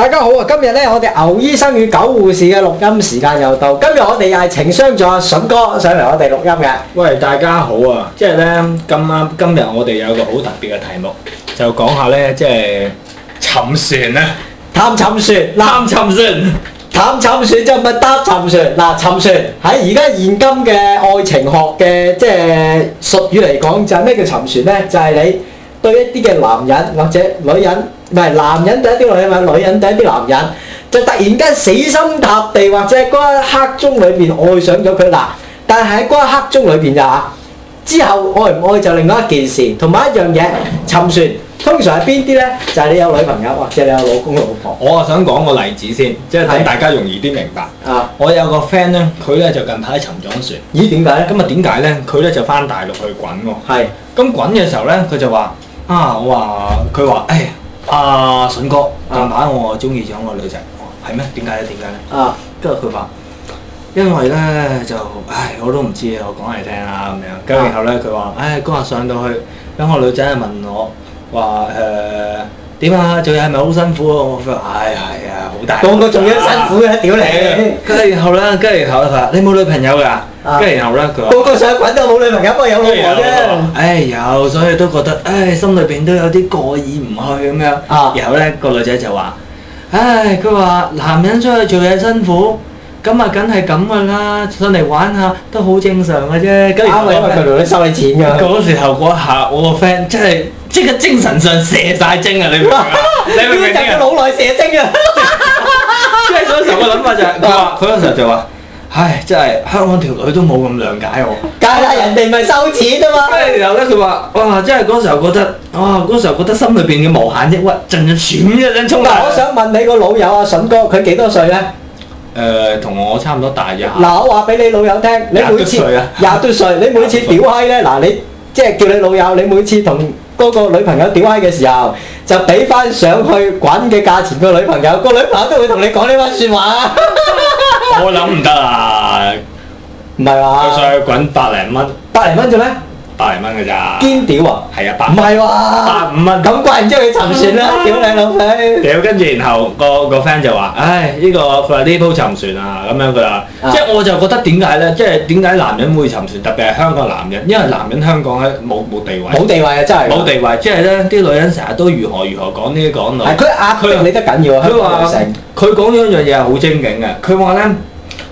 大家好啊！今日咧，我哋牛醫生與狗護士嘅錄音時間又到。今日我哋又係情商咗阿筍哥上嚟，我哋錄音嘅。喂，大家好啊！即係咧，今晚今日我哋有個好特別嘅題目，就講下咧，即係沉船咧，探沉船，攬沉船，探沉船，即係咪搭沉船嗱。沉船喺而家現今嘅愛情學嘅即係術語嚟講就係咩叫沉船咧？就係你對一啲嘅男人或者女人。唔係男人第一啲女，或者女人第一啲男人，就突然間死心塌地，或者嗰一刻鐘裏邊愛上咗佢嗱。但係喺嗰一刻鐘裏邊就啊？之後愛唔愛就另外一件事，同埋一樣嘢，沉船通常係邊啲咧？就係、是、你有女朋友或者你有老公老婆。我啊想講個例子先，即係等大家容易啲明白。啊，我有個 friend 咧，佢咧就近排沉咗船。咦、哎？點解咧？咁啊點解咧？佢咧就翻大陸去滾喎。係咁滾嘅時候咧，佢就話啊，我話佢話誒。啊！荀哥，但係我中意咗個女仔，係咩？點解咧？點解咧？啊！跟住佢話，為呢啊、因為咧就唉，我都唔知啊，我講嚟聽啦咁樣。跟住然後咧，佢話：唉、哎，嗰日上到去，咁個女仔係問我話誒點啊？做嘢係咪好辛苦啊？我佢話：唉、哎、係、哎哎、啊，好大。講個做嘢辛苦嘅屌你！跟、嗯、住、嗯、然後咧，跟住然後咧佢話：你冇女朋友㗎？跟住然後咧，佢話：個個想滾都冇女朋友，不過有老婆啫。唉，有，所以都覺得唉，心裏邊都有啲過意唔去咁樣。啊！然後咧個女仔就話：唉，佢話男人出去做嘢辛苦，咁啊梗係咁噶啦，上嚟玩下都好正常嘅啫。跟住因為佢女女收你錢㗎。嗰時候嗰一下，我個 friend 真係即刻精神上射晒精啊！你明唔明啊？你明唔明啊？腦內射精啊！即係嗰時候我諗法就係，佢話佢嗰時候就話。唉，真係香港條女都冇咁諒解我。梗係啦，人哋咪收錢啊嘛。誒，然後咧，佢話：哇，真係嗰時候覺得，哇，嗰時候覺得心裏邊嘅無限抑鬱，盡咗損一兩出。我想問你個老友啊，荀哥，佢幾多歲咧？誒、呃，同我差唔多大啫嗱、啊，我話俾你老友聽，你每次廿多歲、啊、歲，你每次屌閪咧，嗱， 你，你即係叫你老友，你每次同。嗰個女朋友屌閪嘅時候，就俾翻上去滾嘅價錢，個女朋友，個女朋友都會同你講呢番説話，我諗唔得啊，唔係話？上 去滾百零蚊，百零蚊做咩？百零蚊嘅咋？堅屌啊！係啊，百唔係百五蚊咁怪，然之後去沉船啦、啊！屌你老屎！屌跟住，然後， 然後、那個、那個 friend 就話：唉，呢、這個佢話呢鋪沉船啊咁樣。佢話，即係我就覺得點解咧？即係點解男人會沉船？特別係香港男人，因為男人香港咧冇冇地位，冇地位啊！真係冇地位，即係咧啲女人成日都如何如何講呢啲港女。佢壓佢又理得緊要啊！佢話成，佢講一樣嘢係好精警嘅。佢話咧，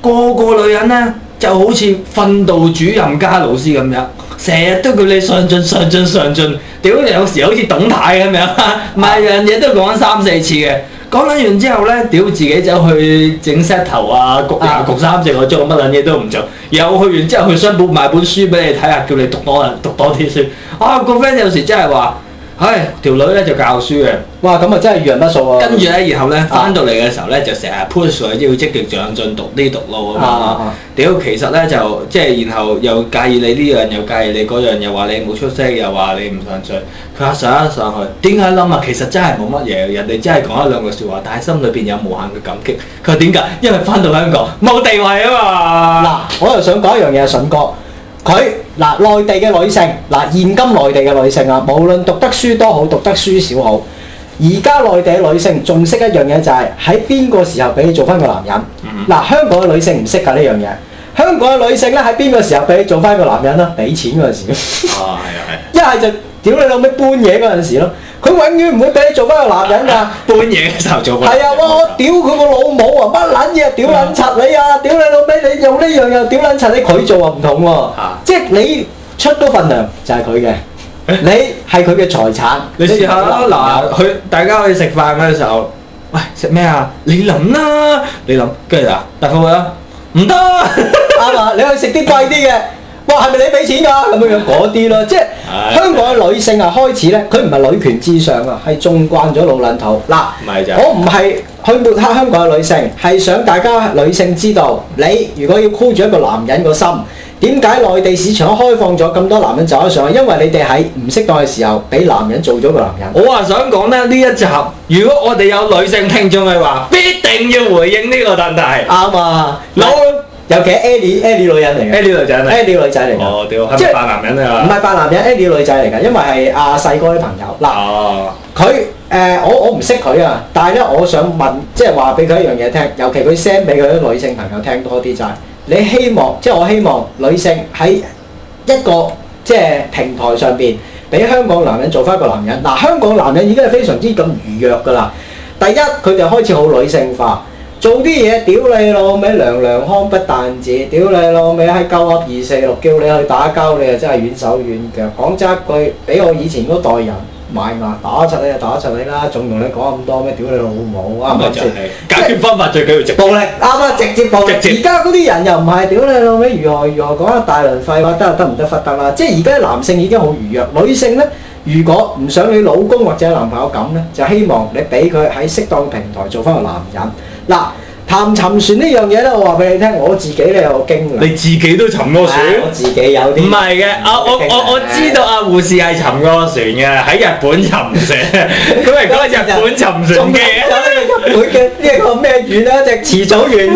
個個女人咧。就好似訓導主任加老師咁樣，成日都叫你上進、上進、上進，屌你！有時好似董太咁樣，每樣嘢都講三四次嘅，講完完之後咧，屌自己走去整 set 頭啊，焗焗三四個鐘我做乜撚嘢都唔做，然後去完之後去商鋪買本書俾你睇下，叫你讀多啊讀多啲書。啊、嗰個 friend 有時真係話。唉，條、哎、女咧就教書嘅。哇，咁啊真係遇人不淑啊。跟住咧，然後咧翻到嚟嘅時候咧，就成日 push 佢，即要積極上進讀呢讀路啊嘛。屌，其實咧就即係然後又介意你呢樣，又介意你嗰樣，又話你冇出息，又話你唔上進。佢啊上一上去，點解諗啊？其實真係冇乜嘢，人哋真係講一兩句説話，但係心裏邊有無限嘅感激。佢話點解？因為翻到香港冇地位啊嘛。嗱，我又想講一樣嘢，荀哥。佢嗱，內地嘅女性，嗱，現今內地嘅女性啊，無論讀得書多好，讀得書少好，而家內地嘅女性仲識一樣嘢，就係喺邊個時候俾你做翻個男人。嗱，香港嘅女性唔識㗎呢樣嘢，香港嘅女性咧喺邊個時候俾你做翻個男人咯？俾錢嗰陣時咯，一係、啊、 就屌你老味搬嘢嗰陣時咯。佢永遠唔會俾你做翻個男人㗎，半夜嘅時候做。係啊，我屌佢個老母啊！乜撚嘢？屌撚柒你啊！屌你老味！你用呢樣又屌撚柒你，佢做啊，唔同喎。即係你出多份糧就係佢嘅，你係佢嘅財產。你試下啦，嗱，佢大家去食飯嘅時候，喂，食咩啊？你諗啦，你諗，跟住啊，大嫂啦，唔得，啱啊，你去食啲貴啲嘅。哇，係咪你俾錢㗎？啊、咁樣樣嗰啲咯，即係 香港嘅女性啊，開始咧，佢唔係女權至上啊，係縱慣咗老卵頭嗱，唔我唔係去抹黑香港嘅女性，係想大家女性知道，你如果要箍住一個男人個心，點解內地市場開放咗咁多男人走咗上去？因為你哋喺唔適當嘅時候俾男人做咗個男人。我話想講咧呢一集，如果我哋有女性聽眾嘅話，必定要回應呢個問題。啱啊，老。尤其 e A l i 女人嚟嘅 e l 女仔嚟嘅 e 女仔嚟嘅，即係，係扮男人啊，唔係扮男人 a 女仔嚟㗎，因為係阿細哥啲朋友嗱，佢誒我我唔識佢啊，呃、但係咧我想問，即係話俾佢一樣嘢聽，尤其佢 send 俾佢啲女性朋友聽多啲就係、是，你希望，即、就、係、是、我希望女性喺一個即係、就是、平台上邊，俾香港男人做翻一個男人，嗱、呃、香港男人已經係非常之咁軟弱㗎啦，第一佢哋開始好女性化。做啲嘢，屌你老味，娘娘腔不彈字，屌你老味，喺鳩噏二四六，叫你去打交，你又真係軟手軟腳。講真一句，俾我以前嗰代人買硬打柒你，你就打柒你啦。仲同你講咁多咩？屌你老母，啱解決方法最緊要直暴力啱啊！直接暴力。而家嗰啲人又唔係屌你老味。如何如何講大輪廢話得得唔得忽得啦？即係而家男性已經好軟弱，女性咧，如果唔想你老公或者男朋友咁咧，就希望你俾佢喺適當平台做翻個男人。嗱，談沉船呢樣嘢咧，我話俾你聽，我自己咧有經歷。你自己都沉過船？我自己有啲。唔係嘅，阿我我我，我，我知道阿護士係沉過船嘅，喺日本沉船。咁係嗰日本沉船嘅。 日本嘅呢個咩船咧？只慈祖船。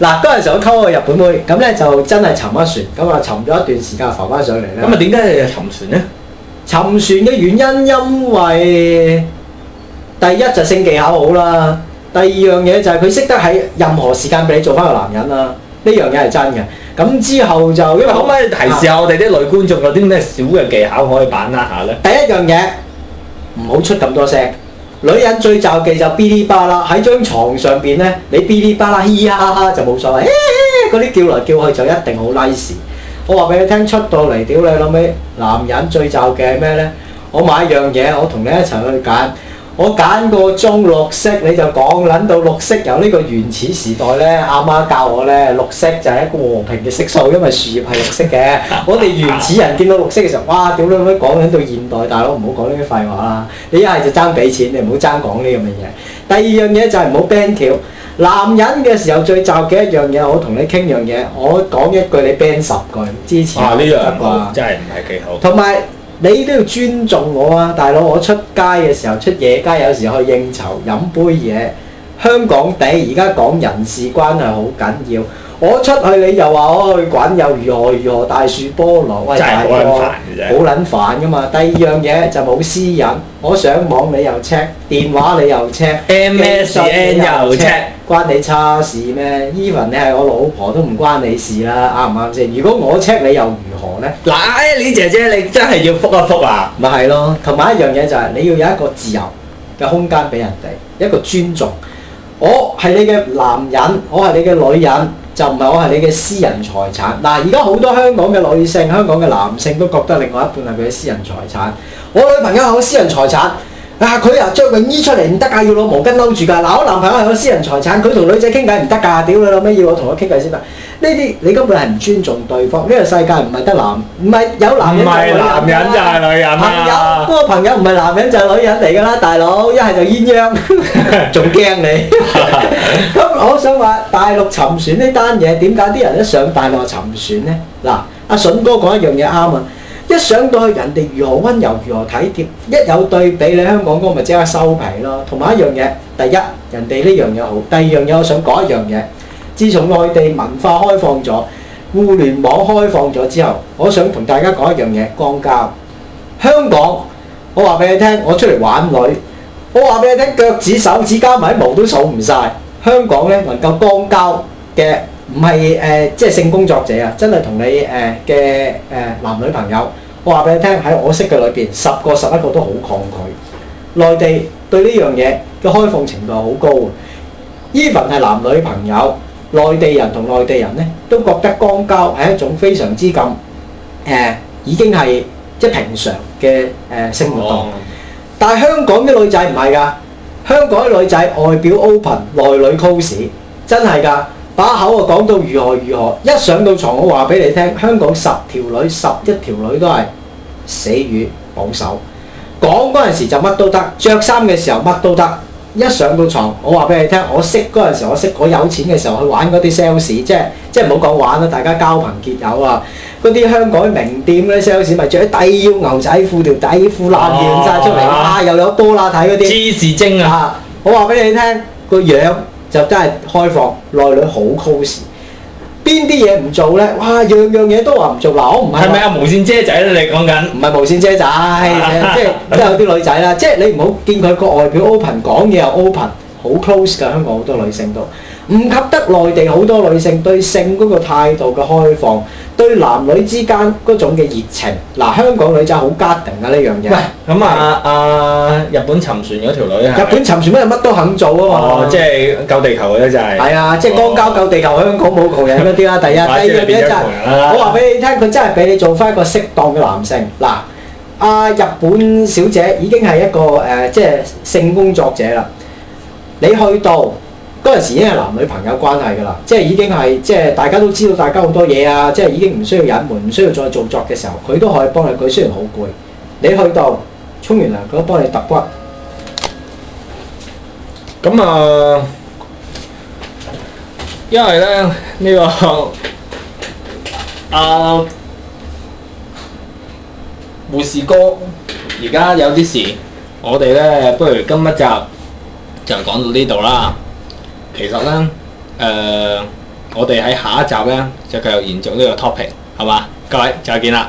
嗱，嗰陣時我溝過日本妹，咁咧就真係沉咗船，咁啊沉咗一段時間浮翻上嚟咧。咁啊點解要沉船咧？沉船嘅原因，因為第一就性、是、技巧好啦。第二樣嘢就係佢識得喺任何時間俾你做翻個男人啦，呢樣嘢係真嘅。咁之後就因為可唔可以提示下我哋啲女觀眾，有啲咩小嘅技巧可以把握下咧？第一樣嘢唔好出咁多聲，女人最罩忌就噼里啪啦喺張床上邊咧，你噼里啪啦嘻嘻哈哈就冇所謂，嗰啲叫嚟叫去就一定好 nice。我話俾你聽，出到嚟屌你老味，男人最罩忌係咩咧？我買一樣嘢，我同你一齊去揀。我揀個中綠色，你就講撚到綠色。由呢個原始時代咧，阿媽教我咧，綠色就係一個和平嘅色素，因為樹葉係綠色嘅。 我哋原始人見到綠色嘅時候，哇！點解唔可以講撚到現代？大佬唔好講呢啲廢話啦！你一係就爭俾錢，你唔好爭講呢咁嘅嘢。第二樣嘢就係唔好 band 條。男人嘅時候最就嘅一樣嘢，我同你傾樣嘢，我講一句你 band 十句。之前呢樣真係唔係幾好。同埋。你都要尊重我啊，大佬！我出街嘅時候出夜街，有時去應酬飲杯嘢。香港地而家講人事關係好緊要，我出去你又話我去滾，又如何如何大樹菠蘿，喂大哥，好撚煩噶嘛！第二樣嘢就冇私隱，我上網你又 check，電話你又 check，MSN 又 check。關你叉事咩？Even 你係我老婆都唔關你事啦，啱唔啱先？如果我 check 你又如何呢？嗱，哎，你姐姐，你真係要復一復啊！咪係咯，同埋一樣嘢就係、是、你要有一個自由嘅空間俾人哋，一個尊重。我係你嘅男人，我係你嘅女人，就唔係我係你嘅私人財產。嗱，而家好多香港嘅女性、香港嘅男性都覺得另外一半係佢嘅私人財產。我女朋友係我私人財產。啊！佢又着泳衣出嚟唔得噶，要攞毛巾摟住噶。嗱、啊，我男朋友係我私人財產，佢同女仔傾偈唔得噶，屌你老咩要我同佢傾偈先得。呢啲你根本係唔尊重對方，呢、這、為、個、世界唔係得男，唔係有男人就係女人。男人就係女人,人,女人、啊、朋友，嗰個朋友唔係男人就係女人嚟噶啦，大佬一係就鴛鴦，仲 驚怕你。咁、 嗯、我想話大陸沉船呢單嘢，點解啲人一上大陸沉船咧？嗱，阿荀哥講一樣嘢啱啊！啊一上到去人哋如何溫柔，如何體貼，一有對比，你香港嗰咪即刻收皮咯。同埋一樣嘢，第一，人哋呢樣嘢好，第二樣嘢我想講一樣嘢。自從內地文化開放咗，互聯網開放咗之後，我想同大家講一樣嘢：光交香港，我話俾你聽，我出嚟玩女，我話俾你聽，腳趾手指加埋毛都數唔晒。香港咧能夠光交嘅，唔係誒，即係性工作者啊，真係同你誒嘅誒男女朋友。話俾你聽，喺我識嘅裏邊，十個十一個都好抗拒。內地對呢樣嘢嘅開放程度好高，even 係男女朋友，內地人同內地人咧，都覺得肛交係一種非常之咁誒、呃，已經係即係平常嘅誒、呃、生活。哦、但係香港啲女仔唔係㗎，香港啲女仔外表 open，內裏 close 真係㗎。把口啊講到如何如何，一上到床，我話俾你聽，香港十條女十一條女都係死於保守。講嗰陣時就乜都得，着衫嘅時候乜都得。一上到床，我話俾你聽，我識嗰陣時我識我有錢嘅時候去玩嗰啲 sales，即係即係唔好講玩啦，大家交朋結友啊。嗰啲香港名店嘅 sales 咪着啲低腰牛仔褲，條底褲爛現晒出嚟，啊又有多啦睇嗰啲芝士精啊！我話俾你聽個樣。就真係開放，內裏好 close。邊啲嘢唔做咧？哇，樣樣嘢都話唔做嗱，我唔係。係咪啊，無線姐仔咧？你講緊唔係無線姐仔， 即係即係有啲女仔啦。即係你唔好見佢個外表 open，講嘢又 open，好 close 㗎。香港好多女性都。唔及得內地好多女性對性嗰個態度嘅開放，對男女之間嗰種嘅熱情。嗱，香港女仔好家定㗎呢樣嘢。喂，咁啊，阿日本沉船嗰條女啊？日本沉船乜乜都肯做啊嘛！哦、即係救地球嘅，啲就係、是。係啊，即係光交、哦、救地球，香港冇窮人啲啦、啊。第一、怕事 第二嘅嘢就係，我話俾你聽，佢真係俾你做翻一個適當嘅男性。嗱，啊，日本小姐已經係一個誒、呃，即係性工作者啦。你去到。嗰陣時已經係男女朋友關係㗎啦，即係已經係即係大家都知道大家好多嘢啊，即係已經唔需要隱瞞，唔需要再做作嘅時候，佢都可以幫你。佢雖然好攰，你去到沖完涼，佢都幫你揼骨。咁啊、呃，因為咧呢、這個啊呃、護士哥，而家有啲事，我哋咧不如今一集就講到呢度啦。其實咧，誒、呃，我哋喺下一集咧，就繼續延續呢個 topic，係嘛？各位，再見啦！